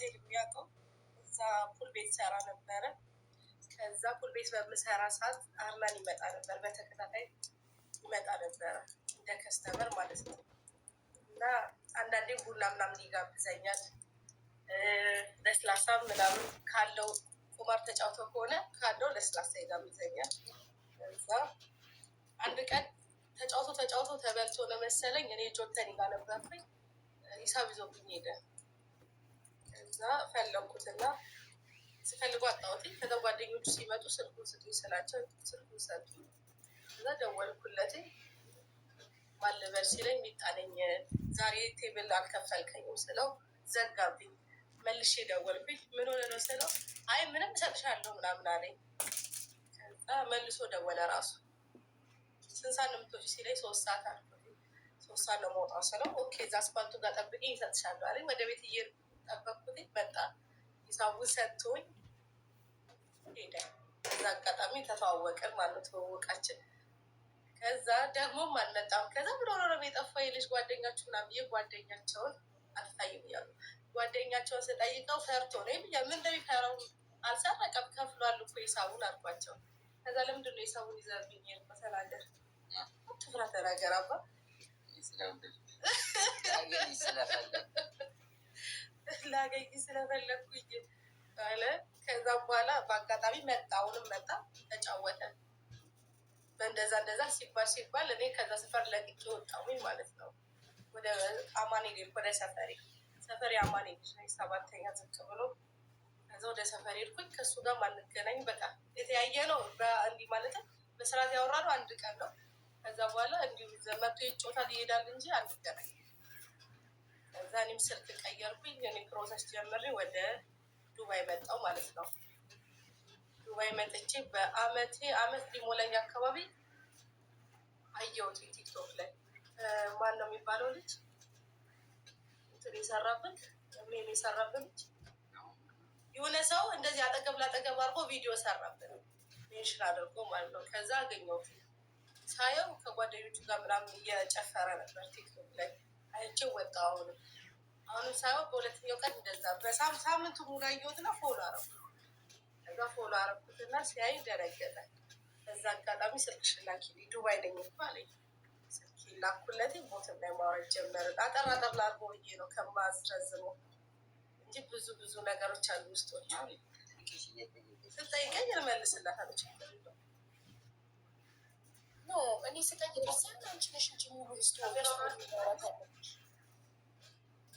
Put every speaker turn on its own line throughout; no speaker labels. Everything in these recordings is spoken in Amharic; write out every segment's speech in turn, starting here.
የእናት ኃይል የሚያውቀው እዛ ፑል ቤት ሰራ ነበረ። ከዛ ፑል ቤት በምሰራ ሰዓት አርላን ይመጣ ነበር፣ በተከታታይ ይመጣ ነበረ እንደ ከስተመር ማለት ነው። እና አንዳንዴ ቡና ምናምን ይጋብዘኛል፣ ለስላሳ ምናምን ካለው ቁማር ተጫውቶ ከሆነ ካለው ለስላሳ ይጋብዘኛል። እዛ አንድ ቀን ተጫውቶ ተጫውቶ ተበልቶ ለመሰለኝ እኔ ጆተኒ ጋር ነበርኩኝ፣ ሂሳብ ይዞብኝ ሄደ። እዛ ፈለኩትና ስፈልጉ አጣሁት። ከዛ ጓደኞቹ ሲመጡ ስልኩን ስጡኝ ስላቸው ስልኩን ሰጡ። እዛ ደወልኩለት ማልበር ሲለኝ ሚጣለኝ ዛሬ ቴብል አልከፈልከኝም ስለው ዘጋብኝ። መልሼ ደወልኩኝ ምን ሆነ ነው ስለው አይ ምንም እሰጥሻለሁ ምናምን አለኝ። ከዛ መልሶ ደወለ ራሱ ስንት ሰዓት ነው የምትወጪው ሲለኝ ሶስት ሰዓት አልኩት። ሶስት ሰዓት ነው መውጣው ስለው ኦኬ እዛ አስፋልቱ ጋር ጠብቂኝ እሰጥሻለሁ አለኝ። ወደ ቤት እየሄድኩ ጠበቅኩትኝ። መጣ ሂሳቡ ሰጥቶኝ ሄደ። እዛ አጋጣሚ ተተዋወቅን ማለት ተዋወቃችን። ከዛ ደግሞም አልመጣም። ከዛ ብሎ የጠፋ የልጅ ጓደኛችሁ ምናምን ብዬ ጓደኛቸውን አልታይም እያሉ ጓደኛቸውን ስጠይቀው ፈርቶ ነው ይብያ ምን እንደሚፈራው አልሰረቀም ከፍሏል እኮ ሂሳቡን አልኳቸው። ከዛ ለምንድን ሂሳቡን ይዘብኝ መሰላደር ትፍራ ተናገር አባ ላገኝ ስለፈለግኩኝ አለ። ከዛም በኋላ በአጋጣሚ መጣ፣ አሁንም መጣ፣ ተጫወተ። በእንደዛ እንደዛ ሲባል ሲባል እኔ ከዛ ሰፈር ለቅቄ ወጣሁኝ ማለት ነው። ወደ አማኔ ሄድኩ፣ ወደ ሰፈሬ ሰፈሬ አማኔ ሰባተኛ ዝቅ ብሎ ከዛ ወደ ሰፈር ሄድኩኝ። ከእሱ ጋር ማንገናኝ በቃ የተያየ ነው። እንዲህ ማለት በስራት ያወራ ነው አንድ ቀን ነው። ከዛ በኋላ እንዲሁ መቶ ይጮታል ይሄዳል እንጂ አንገናኝ እኔም ስልክ ቀየርኩኝ። እኔ ፕሮሰስ ጀምሬ ወደ ዱባይ መጣው ማለት ነው። ዱባይ መጥቼ በአመቴ አመት ሊሞላኝ አካባቢ አየሁት ቲክቶክ ላይ ማን ነው የሚባለው ልጅ እንትን የሰራበት ሜም የሰራብን ልጅ የሆነ ሰው እንደዚህ አጠገብ ላጠገብ አድርጎ ቪዲዮ ሰራብን ሜንሽን አድርጎ ማለት ነው። ከዛ አገኘሁት ሳየው ከጓደኞቹ ጋር ምናምን እየጨፈረ ነበር ቲክቶክ ላይ አይቼው ወጣሁ አሁንም አሁን ሳይሆን በሁለተኛው ቀን እንደዛ ሳምንቱ ሙላ እየወት ነው ፎሎ አረኩ። እዛ ፎሎ አረኩትና ሲያይ ደረገጠ። እዛ አጋጣሚ ስልክሽ ላኪልኝ ዱባይ ነኝ አለኝ። ስልክ ላኩለት። ቦትም ላይ ማውራት ጀመር። አጠር አጠር ላድርጎ ብዬ ነው ከማስረዝሞ እንጂ ብዙ ብዙ ነገሮች አሉ ውስጦች። ስጠይቀኝ ልመልስላት አለች። እኔ ስጠይቅ ሳ አንቺ ነሽ እንጂ ሙሉ ስቶ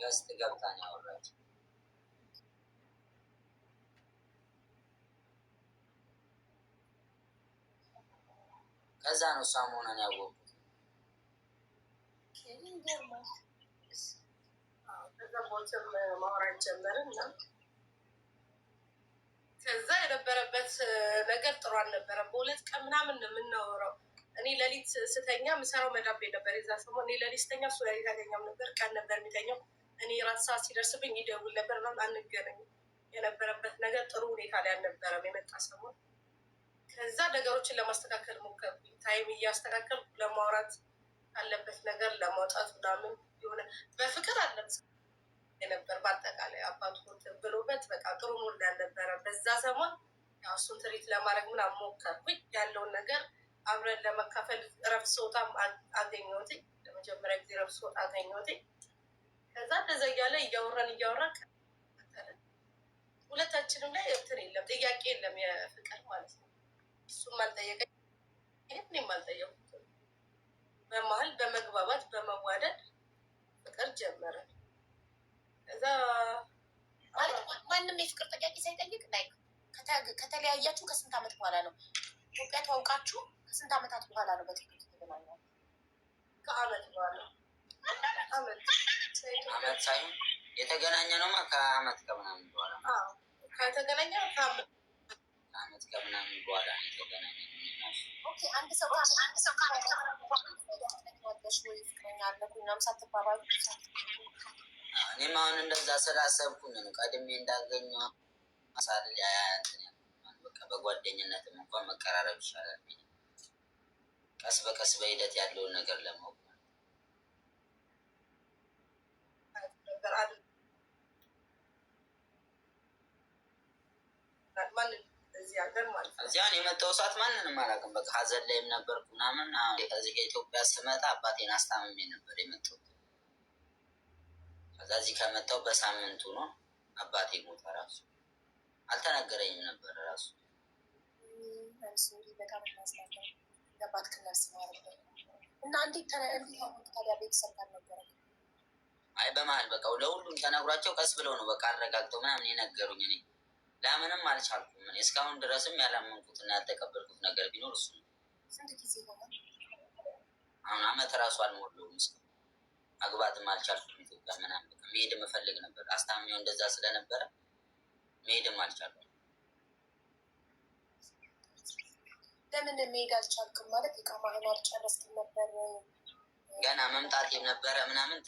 ገስት ገብታ ነው ያወራችው። ከዛ ነው እሷ መሆኗን ያወቁት። ከዛ የነበረበት ነገር ጥሩ አልነበረም። በሁለት ቀን ምናምን የምናወረው የምናወራው። እኔ ሌሊት ስተኛ ምሰራው መዳቤ ነበር። የዛ ሰሞን እኔ ሌሊት ስተኛ እሱ ሌሊት አገኛም ነበር። ቀን ነበር የሚተኛው እኔ ራሳ ሲደርስብኝ ይደውል ነበር። በም አንገረኝ የነበረበት ነገር ጥሩ ሁኔታ ላይ አልነበረም። የመጣ ሰሞን ከዛ ነገሮችን ለማስተካከል ሞከርኩኝ። ታይም እያስተካከል ለማውራት አለበት ነገር ለማውጣት ምናምን የሆነ በፍቅር አለብስ የነበር በአጠቃላይ አባቱ ብሎበት በቃ ጥሩ ሙድ ያልነበረ በዛ ሰሞን ያው እሱን ትሪት ለማድረግ ምናምን ሞከርኩኝ። ያለውን ነገር አብረን ለመካፈል ረፍት ስወጣም አገኘሁትኝ። ለመጀመሪያ ጊዜ ረፍት ስወጣ አገኘሁትኝ። ከዛ እንደዛ እያለ እያወራን እያወራን ሁለታችንም ላይ እንትን የለም ጥያቄ የለም የፍቅር ማለት ነው። እሱም አልጠየቀኝ እኔም አልጠየኩትም። በመሀል በመግባባት በመዋደድ ፍቅር ጀመረ። ከዛ ማንም የፍቅር ጥያቄ ሳይጠይቅ ላይ ከተለያያችሁ ከስንት ዓመት በኋላ ነው? ኢትዮጵያ ተዋውቃችሁ ከስንት ዓመታት በኋላ ነው? በትክክል ከአመት በኋላ አመት ሳይሆን የተገናኘ ነውማ ከአመት ከምናምን በኋላ ከተገናኘ ከአመት ከምናምን በኋላ የተገናኘ አንድ ሰው አንድ ሰው እኔም አሁን እንደዛ ስላሰብኩኝ ነው ቀድሜ እንዳገኘ ሳልያ በጓደኝነትም እንኳን መቀራረብ ይሻላል። ቀስ በቀስ በሂደት ያለውን ነገር ለማወቅ ነበር አ እዚያን የመጣው ሰዓት ማንንም አላውቅም። በቃ ሀዘን ላይም ነበርኩ ምናምን። ከዚህ ከኢትዮጵያ ስመጣ አባቴን አስታምሜ ነበር የመጣሁት። ከዛ እዚህ ከመጣሁ በሳምንቱ ነው አባቴ ሞተ። ራሱ አልተነገረኝም ነበር ራሱ እና እንዴት ታዲያ ቤተሰብ ጋር ነበረ አይ በመሀል በቃ ለሁሉም ተነግሯቸው ቀስ ብለው ነው በቃ አረጋግጠው ምናምን የነገሩኝ። እኔ ላምንም አልቻልኩም። እስካሁን ድረስም ያላመንኩትና ያልተቀበልኩት ነገር ቢኖር እሱ ነው። አሁን አመት ራሱ አልሞላውም። እስከ መግባትም አልቻልኩም ኢትዮጵያ ምናምን በቃ መሄድም እፈልግ ነበር። አስታሚው እንደዛ ስለነበረ መሄድም አልቻልኩም። ለምን መሄድ አልቻልክም ማለት እቃ አልጨረስክም ነበር ገና መምጣት የነበረ ምናምን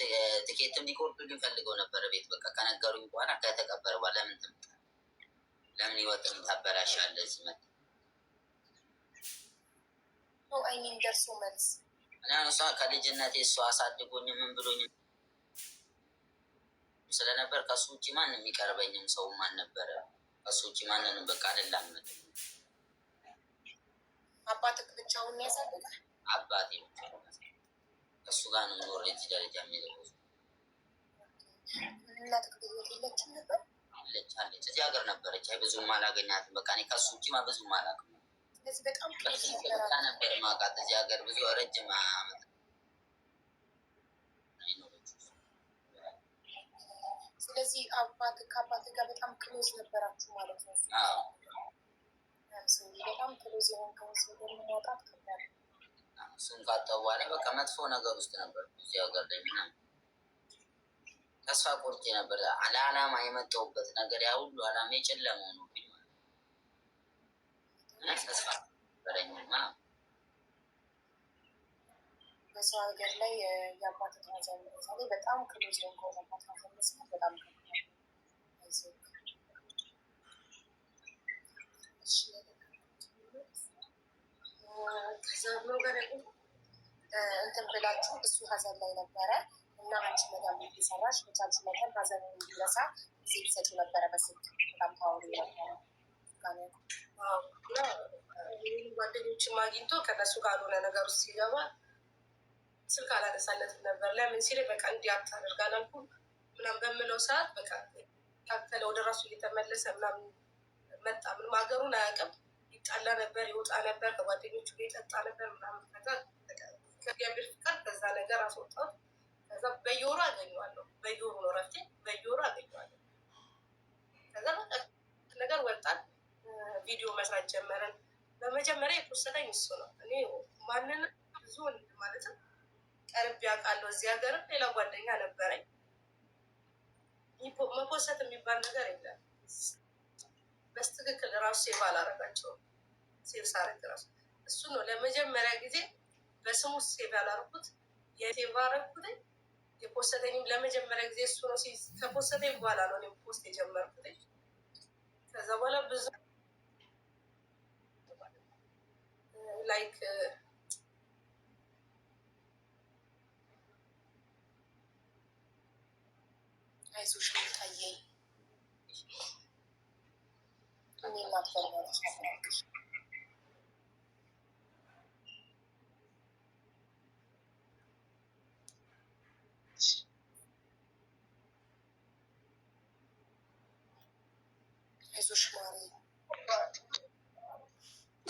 ትኬት እንዲቆርጡልኝ ፈልገው ነበረ። ቤት በቃ ከነገሩኝ በኋላ ከተቀበረ በኋላ ለምን ትምጣ ለምን ይወጥም ታበላሻለ እዚህ መ አይሚን ደርሶ መልስ እና እሷ ከልጅነቴ እሷ አሳድጎኝ ምን ብሎኝ ስለነበር ከሱ ውጭ ማን የሚቀርበኝም ሰው ማን ነበረ? ከሱ ውጭ ማንንም በቃ አልላመድ። አባትህ ብቻውን ያሳድጋል አባቴ ብቻ እሱ ጋር ነው ኖር ለዚህ ደረጃ የሚደርሱ አለች አለች። እዚህ ሀገር ነበረች። አይ ብዙም አላገኛትም። በቃ እኔ ከሱ ውጭ ብዙም አላውቅም። በጣም ነበር የማውቃት እዚህ ሀገር ብዙ ረጅም ዓመት ስለዚህ አባት ከአባት ጋር በጣም ክሎዝ ነበራችሁ ማለት ነው። በጣም ክሎዝ የሆንከው እሱን ካጣሁ በኋላ በቃ መጥፎ ነገር ውስጥ ነበር። እዚህ ሀገር ላይ ምናምን ተስፋ ቆርጬ ነበር። ለዓላማ የመጣሁበት ነገር ያ ሁሉ ዓላማ የጨለመ ነው ቢ ተስፋ በረኝማ በሰው ሀገር ላይ የአባት ገንዘብ ለምሳሌ በጣም ክሎዝ የሆነ አባት ገንዘብ ሲሆን በጣም ከዛ ብሎ ጋር እንትን ብላችሁ እሱ ሀዘን ላይ ነበረ እና አንቺ መዳም ሰራሽ ብቻች መዳም ሀዘን እንዲረሳ ጊዜ ሰጡ ነበረ። በስልክ በጣም ታወሪ ነበረ። ጓደኞችን አግኝቶ ከነሱ ካልሆነ ነገር ውስጥ ሲገባ ስልክ አላነሳለትም ነበር። ለምን ሲል በቃ እንዲህ አታደርጋል አልኩ ምናምን በምለው ሰዓት በቃ ካፈለ ወደ ራሱ እየተመለሰ ምናምን መጣ። ምንም ሀገሩን አያውቅም። ይጣላ ነበር፣ ይወጣ ነበር፣ ከጓደኞቹ ቤት ጠጣ ነበር ምናምን ነገር ከእግዚአብሔር ፍቃድ ከዛ ነገር አስወጣት። ከዛ በየወሩ አገኘዋለሁ፣ በየወሩ ነው እረፍቴ፣ በየወሩ አገኘዋለሁ። ከዛ በቃ ነገር ወጣን፣ ቪዲዮ መስራት ጀመረን። በመጀመሪያ የወሰደኝ እሱ ነው። እኔ ማንን ብዙ ወንድ ማለትም ቀርቤ አውቃለሁ። እዚህ ሀገርም ሌላ ጓደኛ ነበረኝ። መኮሰት የሚባል ነገር የለም። በስትክክል ራሱ ሴቭ አላረጋቸውም። ሴቭ ሳረግ ራሱ እሱ ነው ለመጀመሪያ ጊዜ በስሙ ሴቭ ያላርኩት የሴቭ አረኩትኝ የፖስተኝም ለመጀመሪያ ጊዜ እሱ ነው። ከፖስተኝ በኋላ ነው እኔም ፖስት የጀመርኩትኝ። ከዛ በኋላ ብዙ ላይክ አይዞሽ ታየ እኔ ማፈር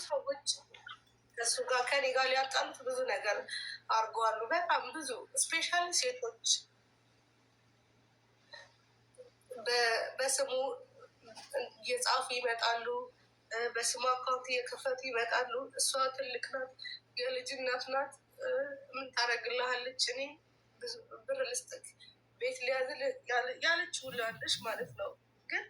ሰዎች ከእሱ ጋር ከኔ ጋር ሊያጣሉት ብዙ ነገር አድርገዋሉ። በጣም ብዙ ስፔሻል ሴቶች በስሙ እየጻፉ ይመጣሉ። በስሙ አካውንት እየከፈቱ ይመጣሉ። እሷ ትልቅ ናት፣ የልጅነት ናት። ምን ታደርግልሃለች? እኔ ብር ልስጥክ፣ ቤት ሊያዝል ያለች ውላለች ማለት ነው ግን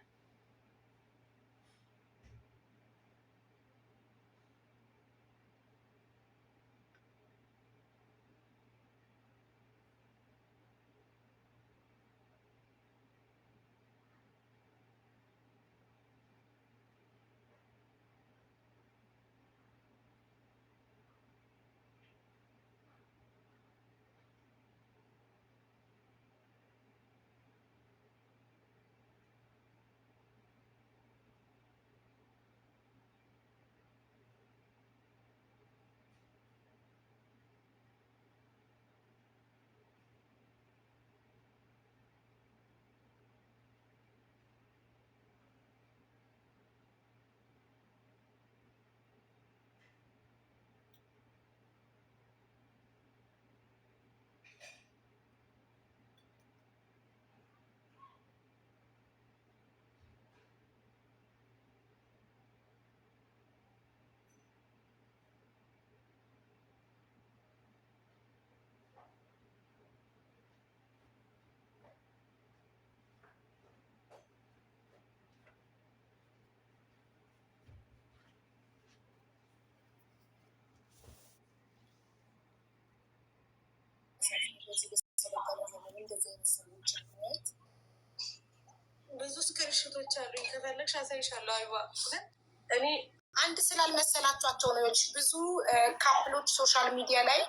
እንደዚህ የመሰሉ ባለዘመን እንደዚህ የመሰሉች ማየት ብዙ ስክሪንሾቶች አሉኝ። ከፈለግሽ አሳይሻለሁ። አይዋ እኔ አንድ ስላልመሰላቸዋቸው ነው። ብዙ ካፕሎች ሶሻል ሚዲያ ላይ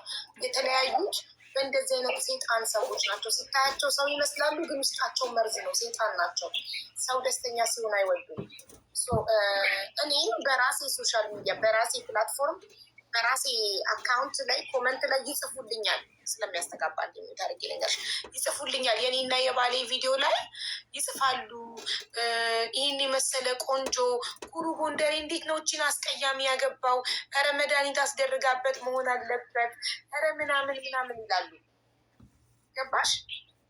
የተለያዩት በእንደዚህ አይነት ሴጣን ሰዎች ናቸው። ስታያቸው ሰው ይመስላሉ፣ ግን ውስጣቸው መርዝ ነው። ሴጣን ናቸው። ሰው ደስተኛ ሲሆን አይወዱም። እኔ በራሴ ሶሻል ሚዲያ በራሴ ፕላትፎርም በራሴ አካውንት ላይ ኮመንት ላይ ይጽፉልኛል ስለሚያስተጋባ ታሪክ ነገር ይጽፉልኛል። የኔና የባሌ ቪዲዮ ላይ ይጽፋሉ። ይህን የመሰለ ቆንጆ ኩሩ ጎንደሬ እንዴት ነው እችን አስቀያሚ ያገባው? ኧረ መድኃኒት አስደርጋበት መሆን አለበት። ኧረ ምናምን ምናምን ይላሉ። ገባሽ?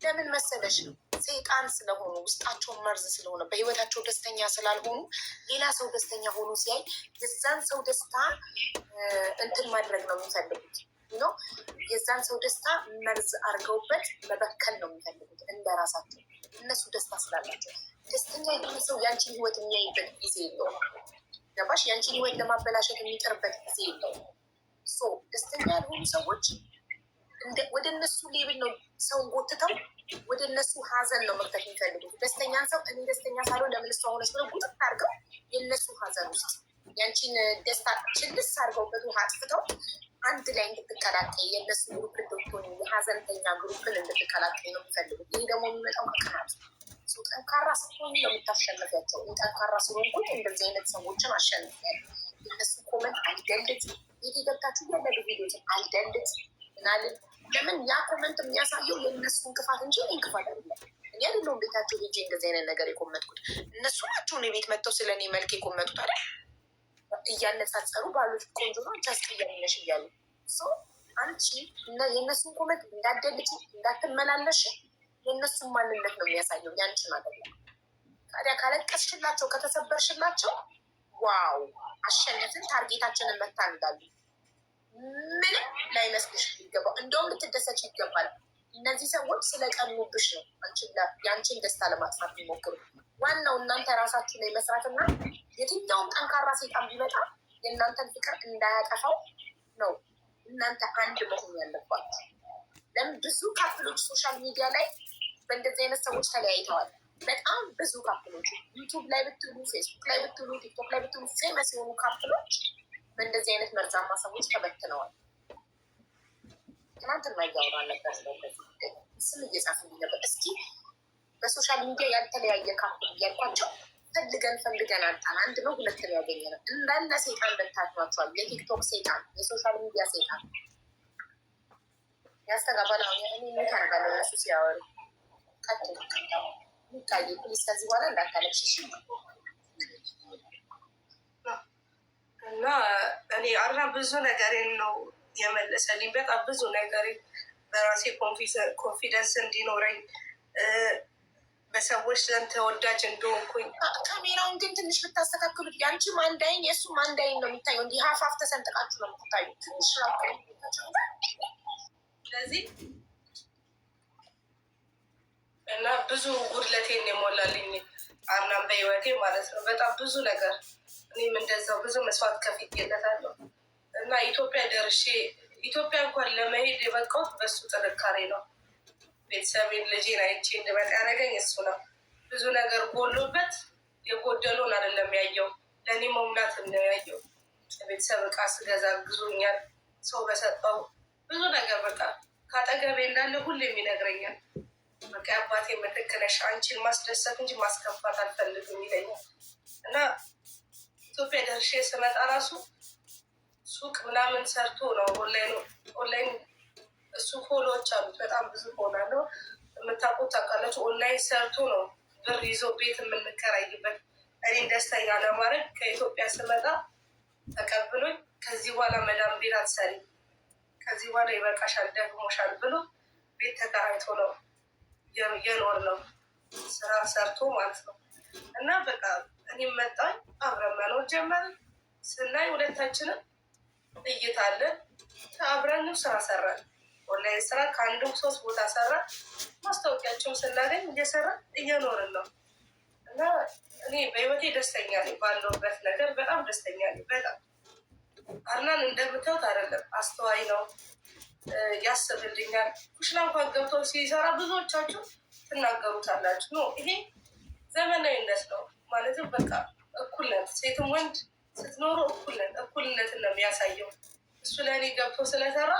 ለምን መሰለሽ ነው ሰይጣን ስለሆኑ ውስጣቸውን መርዝ ስለሆነ በህይወታቸው ደስተኛ ስላልሆኑ ሌላ ሰው ደስተኛ ሆኖ ሲያይ የዛን ሰው ደስታ እንትን ማድረግ ነው የሚፈልጉት። ነው የዛን ሰው ደስታ መርዝ አድርገውበት መበከል ነው የሚፈልጉት እንደ ራሳቸው እነሱ ደስታ ስላላቸው ደስተኛ የሆነ ሰው ያንቺን ህይወት የሚያይበት ጊዜ የለውም ገባሽ ያንቺን ህይወት ለማበላሸት የሚጠርበት ጊዜ የለውም ደስተኛ ያልሆኑ ሰዎች ወደ እነሱ ሌብል ነው ሰውን ጎትተው ወደ እነሱ ሀዘን ነው መክተት የሚፈልጉት ደስተኛን ሰው እኔ ደስተኛ ሳልሆን ለምን እሷ ሆነች ብለው ጉጥት አድርገው የእነሱ ሀዘን ውስጥ ያንቺን ደስታ ችልስ አድርገውበት ውሃ አጥፍተው አንድ ላይ እንድትቀላቀይ የእነሱ ግሩፕ እንድትሆን የሀዘንተኛ ግሩፕን እንድትቀላቀይ ነው የሚፈልጉ። ይህ ደግሞ የሚመጣው ከቅናት ጠንካራ ስትሆን ነው የምታሸንፊያቸው። ጠንካራ ስሆን ስለሆንኩት እንደዚህ አይነት ሰዎችን አሸንፊያል። እነሱ ኮመንት አልደልት ይህ ገብታችሁ ያለዱ ቪዲዮች አልደልት ምናልን ለምን ያ ኮመንት የሚያሳየው የእነሱን ክፋት እንጂ እኔን ክፋት አይደለም። እኔ አይደለሁም ቤታቸው ሄጄ እንደዚህ አይነት ነገር የኮመንትኩት እነሱ ናቸውን የቤት መጥተው ስለእኔ መልክ የኮመንቱት አይደል እያነጻጸሩ ባሎች ቆንጆ ነው ቻስ እያለሽ እያሉ አንቺ የእነሱን ኮመንት እንዳደግጭ እንዳትመላለሽ፣ የእነሱን ማንነት ነው የሚያሳየው ያንቺ ማለት ነው። ታዲያ ካለቀስሽላቸው ከተሰበርሽላቸው፣ ዋው አሸነፍን፣ ታርጌታችንን መታ እንዳሉ ምንም ላይመስልሽ ይገባው፣ እንደውም ልትደሰች ይገባል። እነዚህ ሰዎች ስለቀኑብሽ ነው የአንቺን ደስታ ለማጥፋት የሚሞክሩ። ዋናው እናንተ ራሳችሁ ላይ መስራትና የትኛውም ጠንካራ ሴጣን ቢመጣ የእናንተን ፍቅር እንዳያጠፋው ነው እናንተ አንድ መሆን ያለባችሁ። ለምን ብዙ ካፕሎች ሶሻል ሚዲያ ላይ በእንደዚህ አይነት ሰዎች ተለያይተዋል። በጣም ብዙ ካፕሎች ዩቱብ ላይ ብትሉ፣ ፌስቡክ ላይ ብትሉ፣ ቲክቶክ ላይ ብትሉ ፌመስ የሆኑ ካፕሎች በእንደዚህ አይነት መርዛማ ሰዎች ተበትነዋል። ትናንትና እያወራን ነበር ስም እየጻፍ ነበር እስኪ በሶሻል ሚዲያ ያልተለያየ ካምፕ እያልኳቸው ፈልገን ፈልገን አጣን። አንድ ነው ሁለት ነው ያገኘ ነው። እንዳለ ሴጣን በልታችኋቸዋል። የቲክቶክ ሴጣን፣ የሶሻል ሚዲያ ሴጣን ያስተጋባል። አሁን ምን ታደርጋለህ? እነሱ ሲያወሩ ሚታይ ፕሊስ፣ ከዚህ በኋላ እንዳታለቅሽ እና እኔ አራ ብዙ ነገሬን ነው የመለሰልኝ። በጣም ብዙ ነገሬን በራሴ ኮንፊደንስ እንዲኖረኝ በሰዎች ዘንድ ተወዳጅ እንደሆንኩኝ ካሜራውን ግን ትንሽ ብታስተካክሉ ያንቺ ማንዳይን የእሱ ማንዳይን ነው የሚታየው። እንዲህ ሀፋፍ ተሰንጥቃችሁ ነው የምትታዩ። ትንሽ ስለዚህ እና ብዙ ጉድለቴን የሞላልኝ አምናም በህይወቴ ማለት ነው በጣም ብዙ ነገር እኔም እንደዛው ብዙ መስዋዕት ከፊት የለታለሁ እና ኢትዮጵያ ደርሼ ኢትዮጵያ እንኳን ለመሄድ የበቃሁት በሱ ጥንካሬ ነው። ቤተሰብን ልጅን አይቼ እንድመጣ ያደረገኝ እሱ ነው። ብዙ ነገር ጎሎበት የጎደሉን አይደለም ያየው፣ ለእኔ መሙላት ነው ያየው። ቤተሰብ እቃ ስገዛ ግዙኛል፣ ሰው በሰጠው ብዙ ነገር በቃ ከአጠገቤ እንዳለ ሁሌም ይነግረኛል። በቃ አባቴ ምልክ ነሽ፣ አንቺን ማስደሰት እንጂ ማስከፋት አልፈልግም ይለኛል። እና ኢትዮጵያ ደርሼ ስመጣ ራሱ ሱቅ ምናምን ሰርቶ ነው ኦንላይን እሱ ፎሎዎች አሉት በጣም ብዙ ፎሎ አለው። የምታውቁት ታውቃላችሁ። ኦንላይን ሰርቶ ነው ብር ይዞ ቤት የምንከራይበት። እኔ ደስተኛ ለማድረግ ከኢትዮጵያ ስመጣ ተቀብሎኝ ከዚህ በኋላ መዳም ቤት አትሰሪ፣ ከዚህ በኋላ ይበቃሻል፣ ደግሞሻል ብሎ ቤት ተከራይቶ ነው የኖር ነው ስራ ሰርቶ ማለት ነው። እና በቃ እኔም መጣኝ አብረን መኖር ጀመር ስናይ ሁለታችንም እይታለን አብረን ስራ ሰራን። ኦንላይን ስራ ከአንዱ ሶስት ቦታ ሰራ ማስታወቂያቸውን ስናገኝ እየሰራ እየኖርን ነው እና እኔ በህይወቴ ደስተኛ ነኝ። ባለውበት ነገር በጣም ደስተኛ ነኝ። በጣም አርናን እንደምታዩት አይደለም፣ አስተዋይ ነው፣ ያስብልኛል። ኩሽና እንኳን ገብተው ሲሰራ ብዙዎቻችሁ ትናገሩታላችሁ። ኖ ይሄ ዘመናዊነት ነው ማለትም በቃ እኩልነት፣ ሴትም ወንድ ስትኖሩ እኩልነት እኩልነትን ነው የሚያሳየው። እሱ ለእኔ ገብቶ ስለሰራ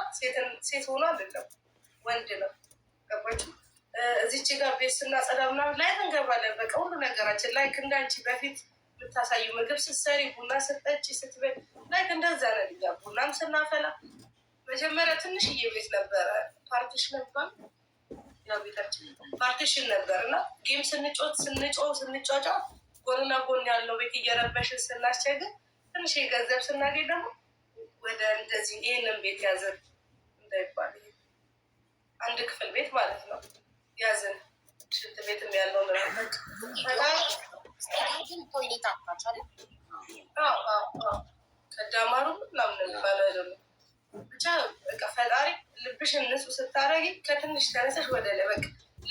ሴት ሆኖ አይደለም ወንድ ነው። ገባች እዚች ጋር ቤት ስናጸዳ ምናምን ላይ እንገባለን። በቃ ሁሉ ነገራችን ላይክ እንዳንቺ በፊት የምታሳዩ ምግብ ስትሰሪ፣ ቡና ስትጠጪ፣ ስትበይ ላይ እንደዛ ነው። ቡናም ስናፈላ መጀመሪያ ትንሽዬ ቤት ነበረ ፓርቲሽን ነበር ቤታችን ፓርቲሽን ነበር እና ጌም ስንጮት ስንጮ ስንጫጫ ጎንና ጎን ያለው ቤት እየረበሽን ስናስቸግር ትንሽ ገንዘብ ስናገኝ ደግሞ ወደ እንደዚህ ይህንን ቤት ያዝን እንዳይባል አንድ ክፍል ቤት ማለት ነው ያዝን ሽንት ቤትም ያለው ምናምን ምናምን ባለ ደግሞ ብቻ በቃ ፈጣሪ ልብሽን ንጹህ ስታረጊ ከትንሽ ተነሰሽ ወደ ላይ በቃ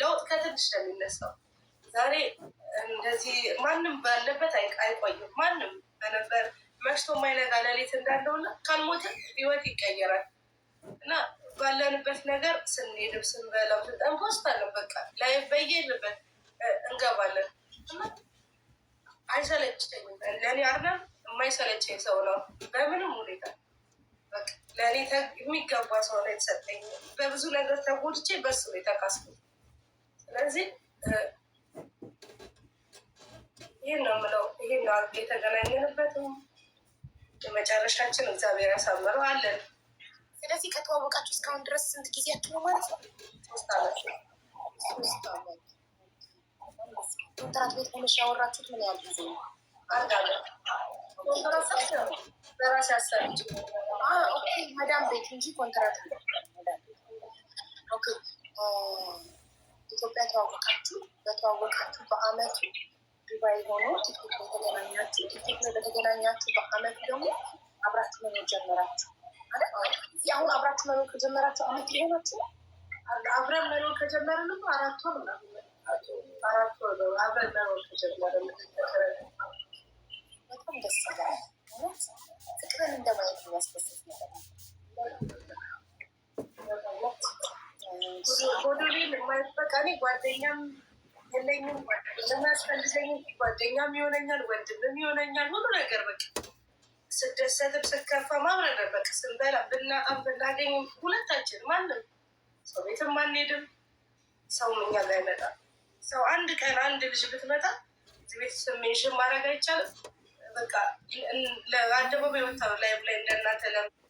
ለውጥ ከትንሽ ነው የሚነሳው። ዛሬ እንደዚህ ማንም ባለበት አይቆይም። ማንም በነበር መሽቶ ማይነጋ ሌሊት እንዳለውና ካልሞተ ህይወት ይቀየራል እና ባለንበት ነገር ስንሄድም ስንበላው ስንጠም ኮስታለን በቃ ላይ በየልበት እንገባለን እና አይሰለችኝም። ለእኔ አርነም የማይሰለቸኝ ሰው ነው በምንም ሁኔታ ለእኔ የሚገባ ሰው ነው የተሰጠኝ። በብዙ ነገር ተጎድቼ በሱ ነው የተካስኩት። ስለዚህ ይህን ነው የምለው። ይህን ነው የተገናኘንበትም የመጨረሻችን እግዚአብሔር ያሳምረው አለን። ስለዚህ ከተዋወቃችሁ እስካሁን ድረስ ስንት ጊዜያችሁ ነው ማለት ነው? ኮንትራት ቤት ሆነሽ ያወራችሁት ምን ያህል ጊዜ ነው? መዳም ቤት እንጂ ኮንትራት ኢትዮጵያ ተዋወቃችሁ። በተዋወቃችሁ በአመቱ ዱባይ ሆኖ ቲክቶክ ላይ ቲክቶክ ላይ በተገናኛችሁ በአመት ደግሞ አብራችሁ መኖር ጀመራችሁ። አሁን አብራችሁ መኖር ከጀመራችሁ አመት ሊሆናችሁ አብረን መኖር ከጀመርን ደግሞ አራት ወር ነው በጣም ደስ ይላል። ፍቅርን እንደማየት የሚያስደስት ነገር ጎዶሌን የማይበቃ እኔ ጓደኛም የለኝም፣ ያስፈልገኝም ጓደኛም ይሆነኛል፣ ወንድምም ይሆነኛል። ሁሉ ነገር በቃ ስደሰትም ስከፋም አብረን በቃ ስንበላ ብናጣም ብናገኝም ሁለታችን ማንም ሰው ቤትም አንሄድም፣ ሰው ምኛም አይመጣም። ሰው አንድ ቀን አንድ ልጅ ብትመጣ እዚህ ቤት ስሜንሽን ማድረግ አይቻልም። በቃ አንድ ላይ ላይ እንደናንተ